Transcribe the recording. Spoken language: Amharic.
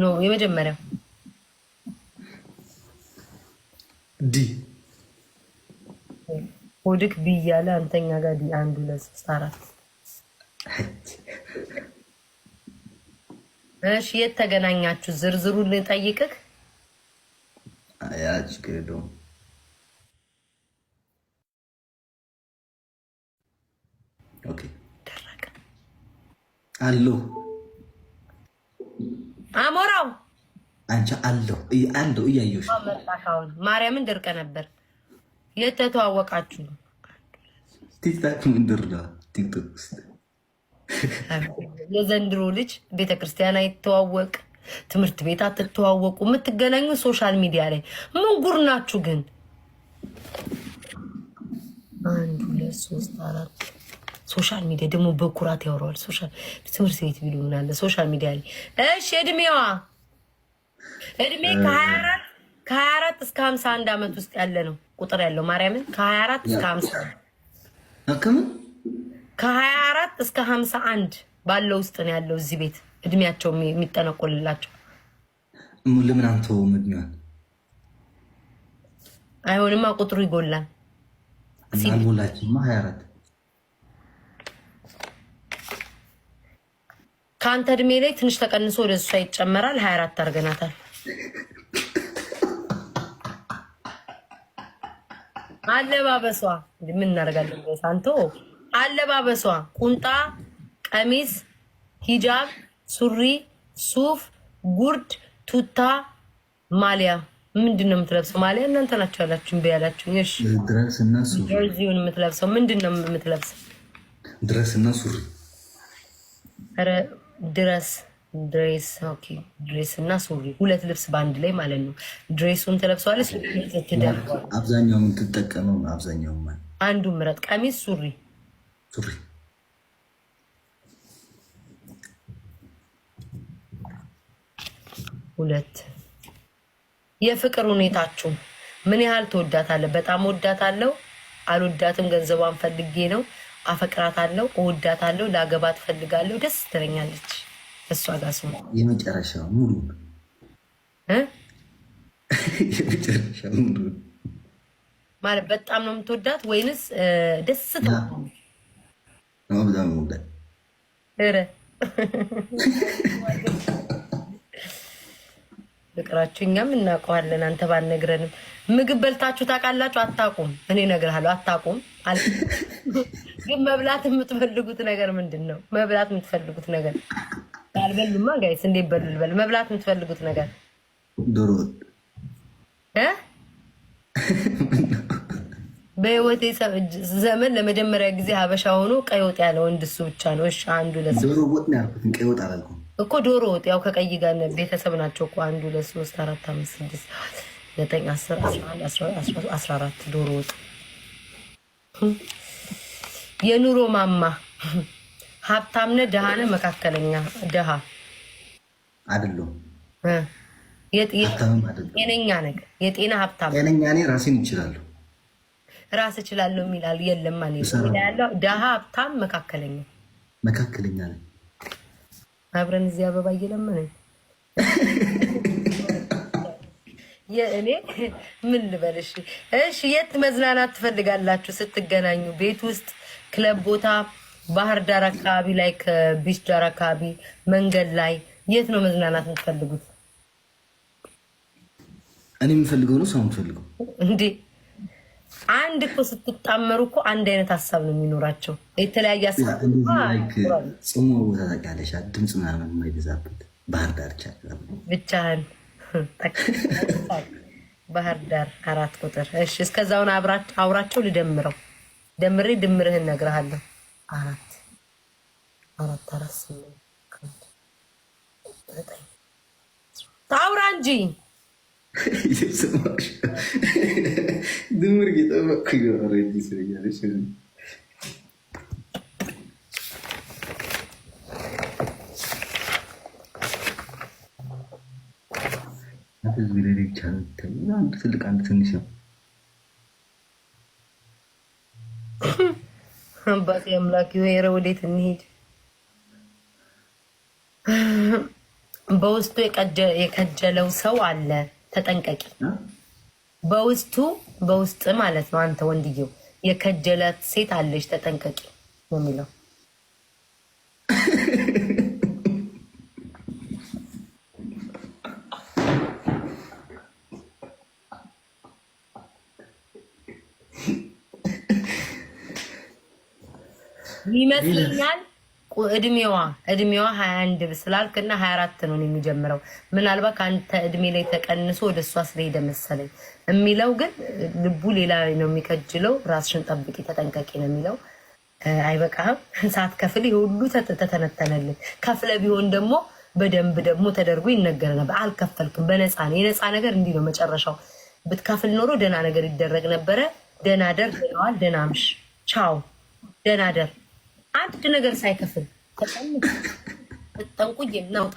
ኖ የመጀመሪያው ዲ ሆድክ ቢ እያለ አንተኛ ጋር ዲ አንድ ሁለት ሶስት አራት። እሺ የት ተገናኛችሁ? ዝርዝሩን ልጠይቅህ። አያች ገዶ ኦኬ አለሁ አንቺ አለሁ አለሁ እያየሁሽ ማርያምን ደርቀ ነበር የተተዋወቃችሁ ቲክታክ ምንድር ቲክቶክ የዘንድሮ ልጅ ቤተክርስቲያን አይተዋወቅ፣ ትምህርት ቤት አትተዋወቁ፣ የምትገናኙ ሶሻል ሚዲያ ላይ ምን ጉር ናችሁ ግን? አንድ ሁለት ሶስት አራት ሶሻል ሚዲያ ደግሞ በኩራት ያወራዋል። ትምህርት ቤት ቢሉ ምናለ ሶሻል ሚዲያ ላይ እሺ እድሜዋ እድሜ ከ24 እስከ 51 ዓመት ውስጥ ያለ ነው ቁጥር ያለው ማርያምን ከ24 እስከ 50 ከ24 እስከ 51 ባለው ውስጥ ነው ያለው። እዚህ ቤት እድሜያቸው የሚጠነቆልላቸው ለምን አንተውም? እድሜዋን አይሆንማ፣ ቁጥሩ ይጎላል። አልሞላችማ 24 ከአንተ እድሜ ላይ ትንሽ ተቀንሶ ወደ እሷ ይጨመራል። ሀያ አራት አድርገናታል። አለባበሷ ምን እናደርጋለን? ሳንቶ አለባበሷ ቁንጣ፣ ቀሚስ፣ ሂጃብ፣ ሱሪ፣ ሱፍ፣ ጉርድ፣ ቱታ፣ ማሊያ ምንድን ነው የምትለብሰው? ማሊያ እናንተ ናቸው ያላችሁን በያላችሁ ዚሁን የምትለብሰው ምንድን ነው የምትለብሰው? ድረስ እና ሱሪ ድረስ ድሬስ ኦኬ፣ ድሬስ እና ሱሪ ሁለት ልብስ በአንድ ላይ ማለት ነው። ድሬሱን ትለብሰዋለች፣ አብዛኛው የምትጠቀመው አብዛኛው አንዱ ምረጥ፣ ቀሚስ፣ ሱሪ ሱሪ ሁለት። የፍቅር ሁኔታችሁ ምን ያህል ትወዳታለህ? በጣም ወዳታለሁ፣ አልወዳትም፣ ገንዘቧን ፈልጌ ነው አፈቅራታለሁ፣ እወዳታለሁ፣ ላገባ ትፈልጋለሁ፣ ደስ ትለኛለች። እሷ ጋር ስሙ የመጨረሻ ሙሉ የመጨረሻ ሙሉ ማለት በጣም ነው የምትወዳት ወይንስ ደስ በጣም ፍቅራችሁ እኛም እናውቀዋለን፣ አንተ ባነግረንም ምግብ በልታችሁ ታውቃላችሁ? አታውቁም። እኔ እነግርሃለሁ፣ አታውቁም። ግን መብላት የምትፈልጉት ነገር ምንድን ነው? መብላት የምትፈልጉት ነገር አልበሉማ። ጋይስ እንዴ በሉ ልበል? መብላት የምትፈልጉት ነገር ዶሮ በህይወቴ ዘመን ለመጀመሪያ ጊዜ ሀበሻ ሆኖ ቀይ ወጥ ያለ ወንድ እሱ ብቻ ነው። እሺ አንዱ ለሱ ዶሮ ወጥ እኮ ዶሮ ወጥ። ያው ከቀይ ጋር ቤተሰብ ናቸው እኮ አንዱ ለሶስት አራት አምስት ስድስት ዘጠኝ አስር አስራ አንድ አስራ አራት ዶሮ ወጥ የኑሮ ማማ ሀብታም ነህ ድሃ ነህ መካከለኛ ድሃ አይደለሁም ጤነኛ ነገር የጤና ሀብታም ጤነኛ እኔ ራሴን እችላለሁ ራስ እችላለሁ የሚላል የለም ያለው ድሃ ሀብታም መካከለኛ መካከለኛ ነኝ አብረን እዚህ አበባ እየለመነኝ የእኔ ምን ልበልሽ እሺ የት መዝናናት ትፈልጋላችሁ ስትገናኙ ቤት ውስጥ ክለብ ቦታ ባህር ዳር አካባቢ ላይ ከቢች ዳር አካባቢ መንገድ ላይ የት ነው መዝናናት የምትፈልጉት? እኔ የምፈልገው ነው ሰው የምፈልገው እንዴ። አንድ እኮ ስትጣመሩ እኮ አንድ አይነት ሀሳብ ነው የሚኖራቸው። የተለያየ ሀሳብ ጽሞ ቦታ ታውቂያለሽ፣ ድምፅ ምናምን የማይገዛበት ባህር ዳር ብቻህን ባህር ዳር አራት ቁጥር። እሺ እስከዛውን አውራቸው ልደምረው ደምሬ ድምርህን እነግርሃለሁ። አራት አራት አራት ስምንት ዘጠኝ ታውራ እንጂ ድምር ጌጠበኩ ይኖረ ስለኛለች ህዝብ ሌሌ ትልቅ አንድ ትንሽ ነው። አባቴ አምላክ ሆይ፣ ወዴት እንሂድ? በውስጡ የከጀለው ሰው አለ፣ ተጠንቀቂ። በውስጡ በውስጥ ማለት ነው አንተ ወንድየው የከጀለት ሴት አለች፣ ተጠንቀቂ ነው የሚለው ይመስለኛል እድሜዋ እድሜዋ ሀያ አንድ ስላልክና ሀያ አራት ነው የሚጀምረው። ምናልባት ከአንተ እድሜ ላይ ተቀንሶ ወደ እሷ ስለሄደ መሰለኝ የሚለው ግን ልቡ ሌላ ነው የሚከጅለው። ራስሽን ጠብቂ፣ ተጠንቀቂ ነው የሚለው። አይበቃህም? ሳትከፍል ይህ ሁሉ ተተነተነልን። ከፍለ ቢሆን ደግሞ በደንብ ደግሞ ተደርጎ ይነገር ነበር። አልከፈልክም፣ በነፃ ነው። የነፃ ነገር እንዲህ ነው መጨረሻው። ብትከፍል ኖሮ ደህና ነገር ይደረግ ነበረ። ደህና ደር ብለዋል። ደህና ምሽ ቻው፣ ደህና ደር አንድ ነገር ሳይከፍል ተጠንቁ እናውጣ